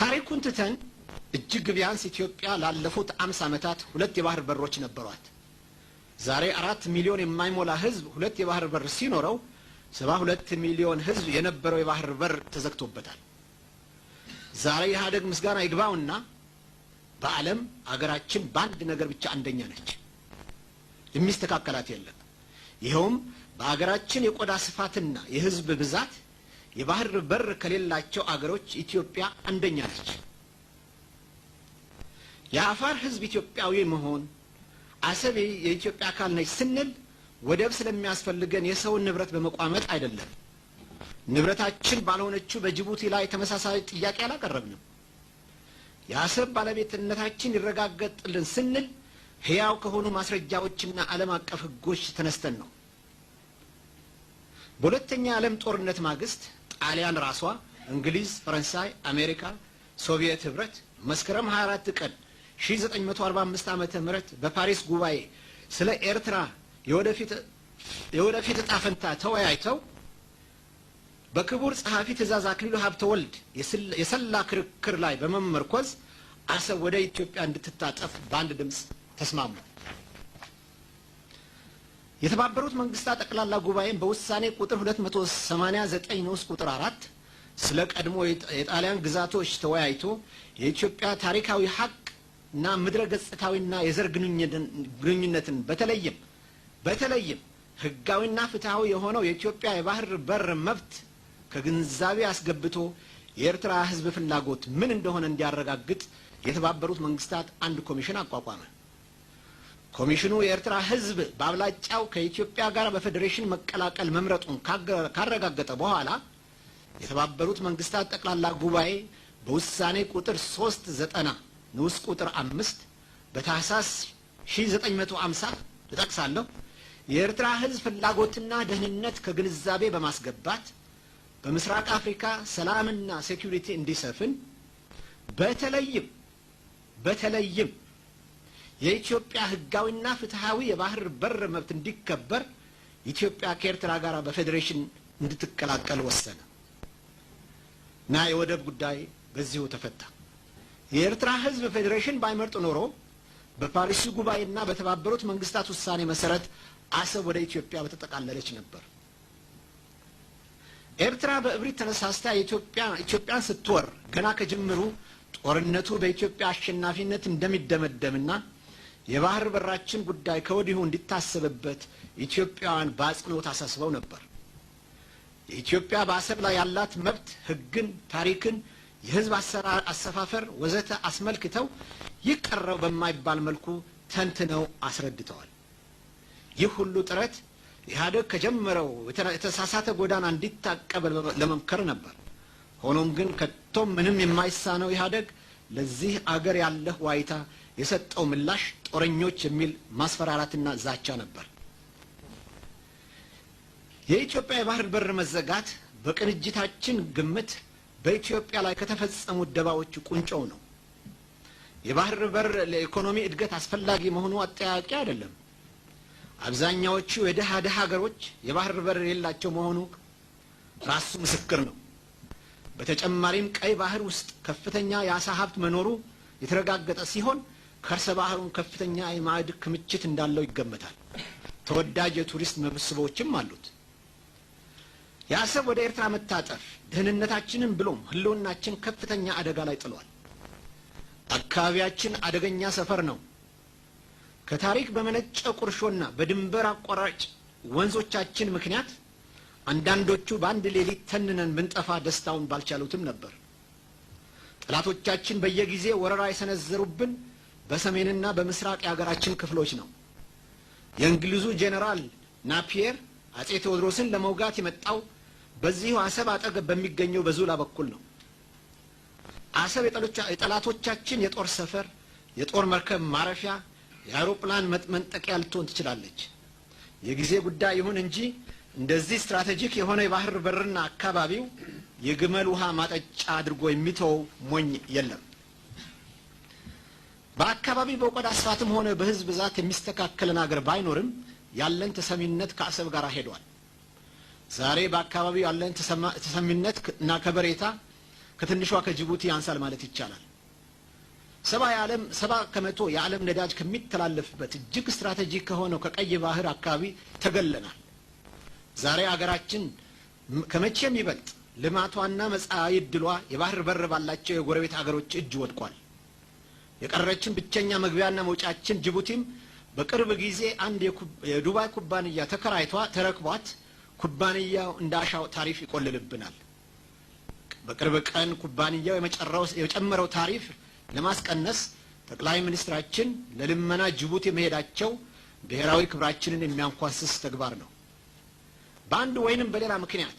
ታሪኩን ትተን እጅግ ቢያንስ ኢትዮጵያ ላለፉት አምስት ዓመታት ሁለት የባህር በሮች ነበሯት። ዛሬ አራት ሚሊዮን የማይሞላ ህዝብ ሁለት የባህር በር ሲኖረው ሰባ ሁለት ሚሊዮን ህዝብ የነበረው የባህር በር ተዘግቶበታል። ዛሬ ኢህአደግ ምስጋና ይግባውና በዓለም አገራችን በአንድ ነገር ብቻ አንደኛ ነች፣ የሚስተካከላት የለም። ይኸውም በአገራችን የቆዳ ስፋትና የህዝብ ብዛት የባህር በር ከሌላቸው አገሮች ኢትዮጵያ አንደኛ ነች። የአፋር ህዝብ ኢትዮጵያዊ መሆን አሰብ የኢትዮጵያ አካል ነች ስንል ወደብ ስለሚያስፈልገን የሰውን ንብረት በመቋመጥ አይደለም። ንብረታችን ባልሆነችው በጅቡቲ ላይ ተመሳሳይ ጥያቄ አላቀረብንም። የአሰብ ባለቤትነታችን ይረጋገጥልን ስንል ሕያው ከሆኑ ማስረጃዎችና ዓለም አቀፍ ሕጎች ተነስተን ነው። በሁለተኛ የዓለም ጦርነት ማግስት ጣሊያን ራሷ፣ እንግሊዝ፣ ፈረንሳይ፣ አሜሪካ፣ ሶቪየት ህብረት መስከረም 24 ቀን 1945 ዓ ምህረት በፓሪስ ጉባኤ ስለ ኤርትራ የወደፊት የወደፊት ፈንታ ተወያይተው በክቡር ጸሐፊ ትእዛዝ አክሊሉ ሀብተ ወልድ የሰላ ክርክር ላይ በመመርኮዝ አሰብ ወደ ኢትዮጵያ እንድትታጠፍ በአንድ ድምፅ ተስማሙ። የተባበሩት መንግስታት ጠቅላላ ጉባኤን በውሳኔ ቁጥር 289 ንዑስ ቁጥር 4 ስለ ቀድሞ የጣሊያን ግዛቶች ተወያይቶ የኢትዮጵያ ታሪካዊ ሀቅ እና ምድረ ገጽታዊና የዘር ግንኙነትን በተለይም በተለይም ህጋዊና ፍትሐዊ የሆነው የኢትዮጵያ የባህር በር መብት ከግንዛቤ አስገብቶ የኤርትራ ህዝብ ፍላጎት ምን እንደሆነ እንዲያረጋግጥ የተባበሩት መንግስታት አንድ ኮሚሽን አቋቋመ። ኮሚሽኑ የኤርትራ ህዝብ በአብላጫው ከኢትዮጵያ ጋር በፌዴሬሽን መቀላቀል መምረጡን ካረጋገጠ በኋላ የተባበሩት መንግስታት ጠቅላላ ጉባኤ በውሳኔ ቁጥር 390 ንዑስ ቁጥር 5 በታህሳስ 1950 ልጠቅሳለሁ የኤርትራ ህዝብ ፍላጎትና ደህንነት ከግንዛቤ በማስገባት በምስራቅ አፍሪካ ሰላምና ሴኩሪቲ እንዲሰፍን በተለይም በተለይም የኢትዮጵያ ህጋዊና ፍትሐዊ የባህር በር መብት እንዲከበር ኢትዮጵያ ከኤርትራ ጋር በፌዴሬሽን እንድትቀላቀል ወሰነ እና የወደብ ጉዳይ በዚሁ ተፈታ። የኤርትራ ህዝብ ፌዴሬሽን ባይመርጥ ኖሮ በፓሪሱ ጉባኤና በተባበሩት መንግስታት ውሳኔ መሰረት አሰብ ወደ ኢትዮጵያ በተጠቃለለች ነበር። ኤርትራ በእብሪት ተነሳስታ ኢትዮጵያን ስትወር ገና ከጅምሩ ጦርነቱ በኢትዮጵያ አሸናፊነት እንደሚደመደምና የባህር በራችን ጉዳይ ከወዲሁ እንዲታሰብበት ኢትዮጵያውያን በአጽንኦት አሳስበው ነበር። የኢትዮጵያ በአሰብ ላይ ያላት መብት ሕግን፣ ታሪክን፣ የህዝብ አሰፋፈር ወዘተ አስመልክተው ይቀረው በማይባል መልኩ ተንትነው አስረድተዋል። ይህ ሁሉ ጥረት ኢህአደግ ከጀመረው የተሳሳተ ጎዳና እንዲታቀብ ለመምከር ነበር። ሆኖም ግን ከቶም ምንም የማይሳነው ኢህአደግ ለዚህ አገር ያለህ ዋይታ የሰጠው ምላሽ ጦረኞች የሚል ማስፈራራትና ዛቻ ነበር። የኢትዮጵያ የባህር በር መዘጋት በቅንጅታችን ግምት በኢትዮጵያ ላይ ከተፈጸሙት ደባዎች ቁንጮው ነው። የባህር በር ለኢኮኖሚ እድገት አስፈላጊ መሆኑ አጠያቂ አይደለም። አብዛኛዎቹ የድሃ ድሃ ሀገሮች የባህር በር የሌላቸው መሆኑ ራሱ ምስክር ነው። በተጨማሪም ቀይ ባህር ውስጥ ከፍተኛ የአሳ ሀብት መኖሩ የተረጋገጠ ሲሆን ከርሰ ባህሩን ከፍተኛ የማዕድ ክምችት እንዳለው ይገመታል። ተወዳጅ የቱሪስት መስህቦችም አሉት። የአሰብ ወደ ኤርትራ መታጠፍ ደህንነታችንን ብሎም ህልውናችን ከፍተኛ አደጋ ላይ ጥሏል። አካባቢያችን አደገኛ ሰፈር ነው። ከታሪክ በመነጨ ቁርሾና በድንበር አቋራጭ ወንዞቻችን ምክንያት አንዳንዶቹ በአንድ ሌሊት ተንነን ብንጠፋ ደስታውን ባልቻሉትም ነበር። ጠላቶቻችን በየጊዜ ወረራ የሰነዘሩብን በሰሜንና በምስራቅ የሀገራችን ክፍሎች ነው። የእንግሊዙ ጄኔራል ናፒየር አጼ ቴዎድሮስን ለመውጋት የመጣው በዚሁ አሰብ አጠገብ በሚገኘው በዙላ በኩል ነው። አሰብ የጠላቶቻችን የጦር ሰፈር፣ የጦር መርከብ ማረፊያ፣ የአውሮፕላን መንጠቂያ ልትሆን ትችላለች። የጊዜ ጉዳይ ይሁን እንጂ እንደዚህ ስትራቴጂክ የሆነ የባህር በርና አካባቢው የግመል ውሃ ማጠጫ አድርጎ የሚተው ሞኝ የለም። በአካባቢ በቆዳ ስፋትም ሆነ በህዝብ ብዛት የሚስተካከልን አገር ባይኖርም ያለን ተሰሚነት ከአሰብ ጋር ሄዷል። ዛሬ በአካባቢው ያለን ተሰሚነት እና ከበሬታ ከትንሿ ከጅቡቲ ያንሳል ማለት ይቻላል። ሰባ የዓለም ሰባ ከመቶ የዓለም ነዳጅ ከሚተላለፍበት እጅግ ስትራቴጂክ ከሆነው ከቀይ ባህር አካባቢ ተገለናል። ዛሬ አገራችን ከመቼም ይበልጥ ልማቷና መጻኢ ዕድሏ የባህር በር ባላቸው የጎረቤት አገሮች እጅ ወድቋል። የቀረችን ብቸኛ መግቢያና መውጫችን ጅቡቲም በቅርብ ጊዜ አንድ የዱባይ ኩባንያ ተከራይቷ ተረክቧት ኩባንያው እንዳሻው ታሪፍ ይቆልልብናል። በቅርብ ቀን ኩባንያው የጨመረው ታሪፍ ለማስቀነስ ጠቅላይ ሚኒስትራችን ለልመና ጅቡቲ መሄዳቸው ብሔራዊ ክብራችንን የሚያንኳስስ ተግባር ነው። በአንድ ወይንም በሌላ ምክንያት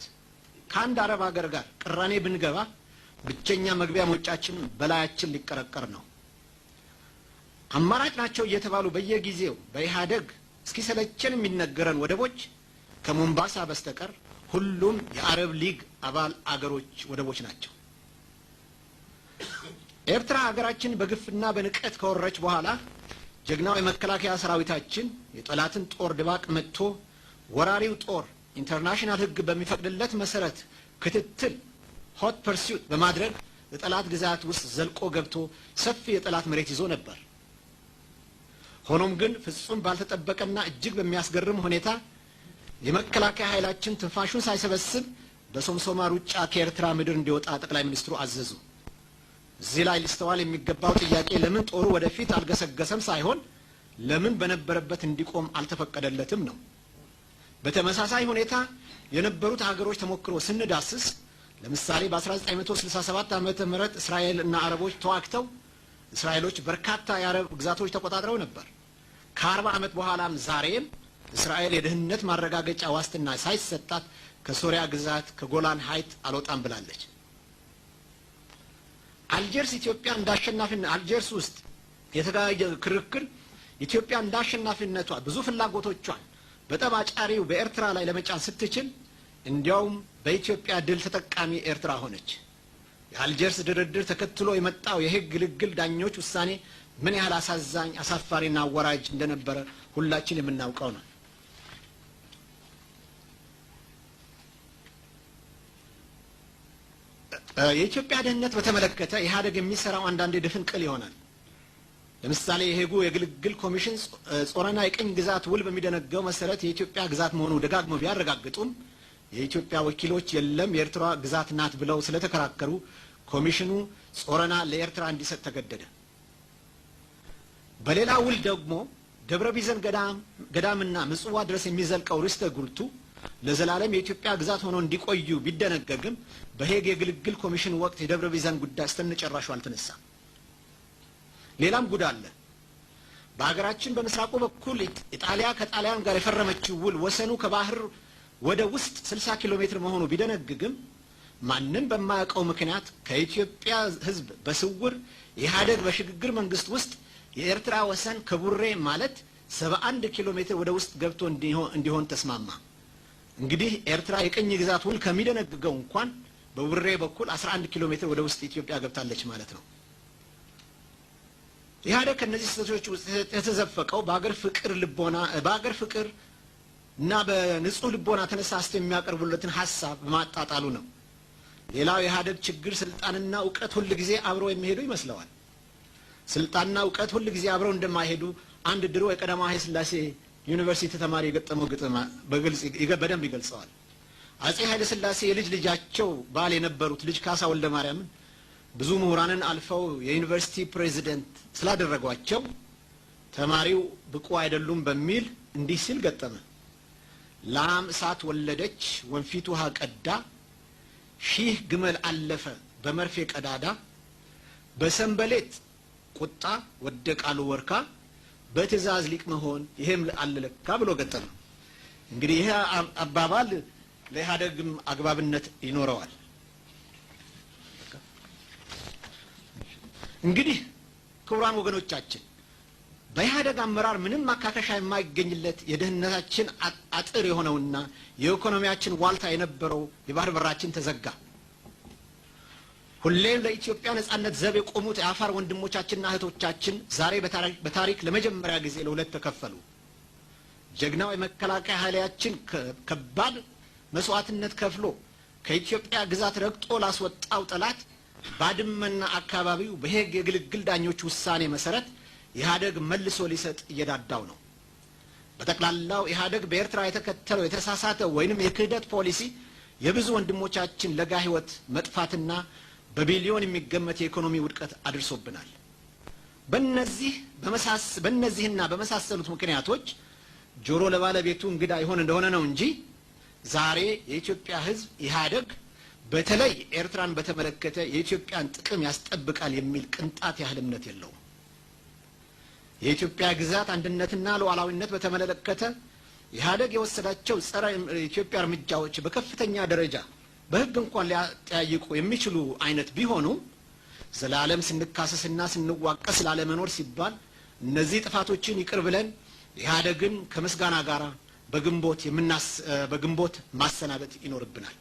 ከአንድ አረብ ሀገር ጋር ቅራኔ ብንገባ ብቸኛ መግቢያ መውጫችን በላያችን ሊቀረቀር ነው። አማራጭ ናቸው እየተባሉ በየጊዜው በኢህአደግ እስኪሰለቸን የሚነገረን ወደቦች ከሞምባሳ በስተቀር ሁሉም የአረብ ሊግ አባል አገሮች ወደቦች ናቸው። ኤርትራ ሀገራችን በግፍና በንቀት ከወረች በኋላ ጀግናው የመከላከያ ሰራዊታችን የጠላትን ጦር ድባቅ መጥቶ ወራሪው ጦር ኢንተርናሽናል ሕግ በሚፈቅድለት መሰረት ክትትል ሆት ፐርሱት በማድረግ የጠላት ግዛት ውስጥ ዘልቆ ገብቶ ሰፊ የጠላት መሬት ይዞ ነበር። ሆኖም ግን ፍጹም ባልተጠበቀና እጅግ በሚያስገርም ሁኔታ የመከላከያ ኃይላችን ትንፋሹን ሳይሰበስብ በሶምሶማ ሩጫ ከኤርትራ ምድር እንዲወጣ ጠቅላይ ሚኒስትሩ አዘዙ። እዚህ ላይ ሊስተዋል የሚገባው ጥያቄ ለምን ጦሩ ወደፊት አልገሰገሰም ሳይሆን ለምን በነበረበት እንዲቆም አልተፈቀደለትም ነው። በተመሳሳይ ሁኔታ የነበሩት ሀገሮች ተሞክሮ ስንዳስስ ለምሳሌ በ1967 ዓ ም እስራኤል እና አረቦች ተዋግተው እስራኤሎች በርካታ የአረብ ግዛቶች ተቆጣጥረው ነበር። ከአርባ ዓመት በኋላም ዛሬም እስራኤል የደህንነት ማረጋገጫ ዋስትና ሳይሰጣት ከሶሪያ ግዛት ከጎላን ሀይት አልወጣም ብላለች። አልጀርስ ኢትዮጵያ እንዳሸናፊነ አልጀርስ ውስጥ የተካሄደ ክርክር ኢትዮጵያ እንዳሸናፊነቷ ብዙ ፍላጎቶቿን በጠብ አጫሪው በኤርትራ ላይ ለመጫን ስትችል እንዲያውም በኢትዮጵያ ድል ተጠቃሚ ኤርትራ ሆነች። የአልጀርስ ድርድር ተከትሎ የመጣው የህግ ግልግል ዳኞች ውሳኔ ምን ያህል አሳዛኝ አሳፋሪና አወራጅ እንደነበረ ሁላችን የምናውቀው ነው የኢትዮጵያ ደህንነት በተመለከተ ኢህአደግ የሚሰራው አንዳንድ ድፍን ቅል ይሆናል ለምሳሌ የሄጉ የግልግል ኮሚሽን ጾረና የቅኝ ግዛት ውል በሚደነገው መሰረት የኢትዮጵያ ግዛት መሆኑ ደጋግሞ ቢያረጋግጡም የኢትዮጵያ ወኪሎች የለም የኤርትራ ግዛት ናት ብለው ስለተከራከሩ ኮሚሽኑ ጾረና ለኤርትራ እንዲሰጥ ተገደደ። በሌላ ውል ደግሞ ደብረ ቢዘን ገዳምና ምጽዋ ድረስ የሚዘልቀው ርስተ ጉልቱ ለዘላለም የኢትዮጵያ ግዛት ሆኖ እንዲቆዩ ቢደነገግም በሄግ የግልግል ኮሚሽን ወቅት የደብረ ቢዘን ጉዳይ እስተንጨራሹ አልተነሳም። ሌላም ጉዳ አለ። በሀገራችን በምስራቁ በኩል ኢጣሊያ ከጣሊያን ጋር የፈረመችው ውል ወሰኑ ከባህር ወደ ውስጥ 60 ኪሎ ሜትር መሆኑ ቢደነግግም ማንም በማያውቀው ምክንያት ከኢትዮጵያ ሕዝብ በስውር ኢህአደግ በሽግግር መንግስት ውስጥ የኤርትራ ወሰን ከቡሬ ማለት 71 ኪሎ ሜትር ወደ ውስጥ ገብቶ እንዲሆን ተስማማ። እንግዲህ ኤርትራ የቅኝ ግዛት ውል ከሚደነግገው እንኳን በቡሬ በኩል 11 ኪሎ ሜትር ወደ ውስጥ ኢትዮጵያ ገብታለች ማለት ነው። ኢህአደግ ከእነዚህ ስህተቶች ውስጥ የተዘፈቀው በአገር ፍቅር ልቦና በአገር ፍቅር እና በንጹህ ልቦና ተነሳስቶ የሚያቀርቡለትን ሀሳብ በማጣጣሉ ነው። ሌላው የኢህአደግ ችግር ስልጣንና እውቀት ሁል ጊዜ አብረው የሚሄዱ ይመስለዋል። ስልጣንና እውቀት ሁል ጊዜ አብረው እንደማይሄዱ አንድ ድሮ የቀዳማዊ ኃይለ ሥላሴ ዩኒቨርሲቲ ተማሪ የገጠመው ግጥም በግልጽ በደንብ ይገልጸዋል። አጼ ኃይለ ሥላሴ የልጅ ልጃቸው ባል የነበሩት ልጅ ካሳ ወልደ ማርያምን ብዙ ምሁራንን አልፈው የዩኒቨርሲቲ ፕሬዚደንት ስላደረጓቸው ተማሪው ብቁ አይደሉም በሚል እንዲህ ሲል ገጠመ። ላም እሳት ወለደች ወንፊት ውሃ ቀዳ ሺህ ግመል አለፈ በመርፌ ቀዳዳ በሰንበሌት ቁጣ ወደቃሉ ወርካ በትእዛዝ ሊቅ መሆን ይሄም አለለካ ብሎ ገጠም እንግዲህ ይሄ አባባል ለኢህአደግም አግባብነት ይኖረዋል። እንግዲህ ክቡራን ወገኖቻችን በኢህአደግ አመራር ምንም ማካካሻ የማይገኝለት የደህንነታችን አጥር የሆነውና የኢኮኖሚያችን ዋልታ የነበረው የባህር በራችን ተዘጋ። ሁሌም ለኢትዮጵያ ነጻነት ዘብ የቆሙት የአፋር ወንድሞቻችንና እህቶቻችን ዛሬ በታሪክ ለመጀመሪያ ጊዜ ለሁለት ተከፈሉ። ጀግናው የመከላከያ ኃይላችን ከባድ መስዋዕትነት ከፍሎ ከኢትዮጵያ ግዛት ረግጦ ላስወጣው ጠላት ባድመና አካባቢው በሄግ የግልግል ዳኞች ውሳኔ መሰረት ኢህአደግ መልሶ ሊሰጥ እየዳዳው ነው። በጠቅላላው ኢህአደግ በኤርትራ የተከተለው የተሳሳተ ወይንም የክህደት ፖሊሲ የብዙ ወንድሞቻችን ለጋ ህይወት መጥፋትና በቢሊዮን የሚገመት የኢኮኖሚ ውድቀት አድርሶብናል። በነዚህ በነዚህና በመሳሰሉት ምክንያቶች ጆሮ ለባለቤቱ እንግዳ ይሆን እንደሆነ ነው እንጂ ዛሬ የኢትዮጵያ ህዝብ ኢህአደግ በተለይ ኤርትራን በተመለከተ የኢትዮጵያን ጥቅም ያስጠብቃል የሚል ቅንጣት ያህል እምነት የለውም። የኢትዮጵያ ግዛት አንድነትና ሉዓላዊነት በተመለከተ ኢህአደግ የወሰዳቸው ጸረ ኢትዮጵያ እርምጃዎች በከፍተኛ ደረጃ በህግ እንኳን ሊያጠያይቁ የሚችሉ አይነት ቢሆኑ ዘላለም ስንካሰስና ስንዋቀስ ላለመኖር ሲባል እነዚህ ጥፋቶችን ይቅር ብለን ኢህአደግን ከምስጋና ጋር በግንቦት በግንቦት ማሰናበት ይኖርብናል።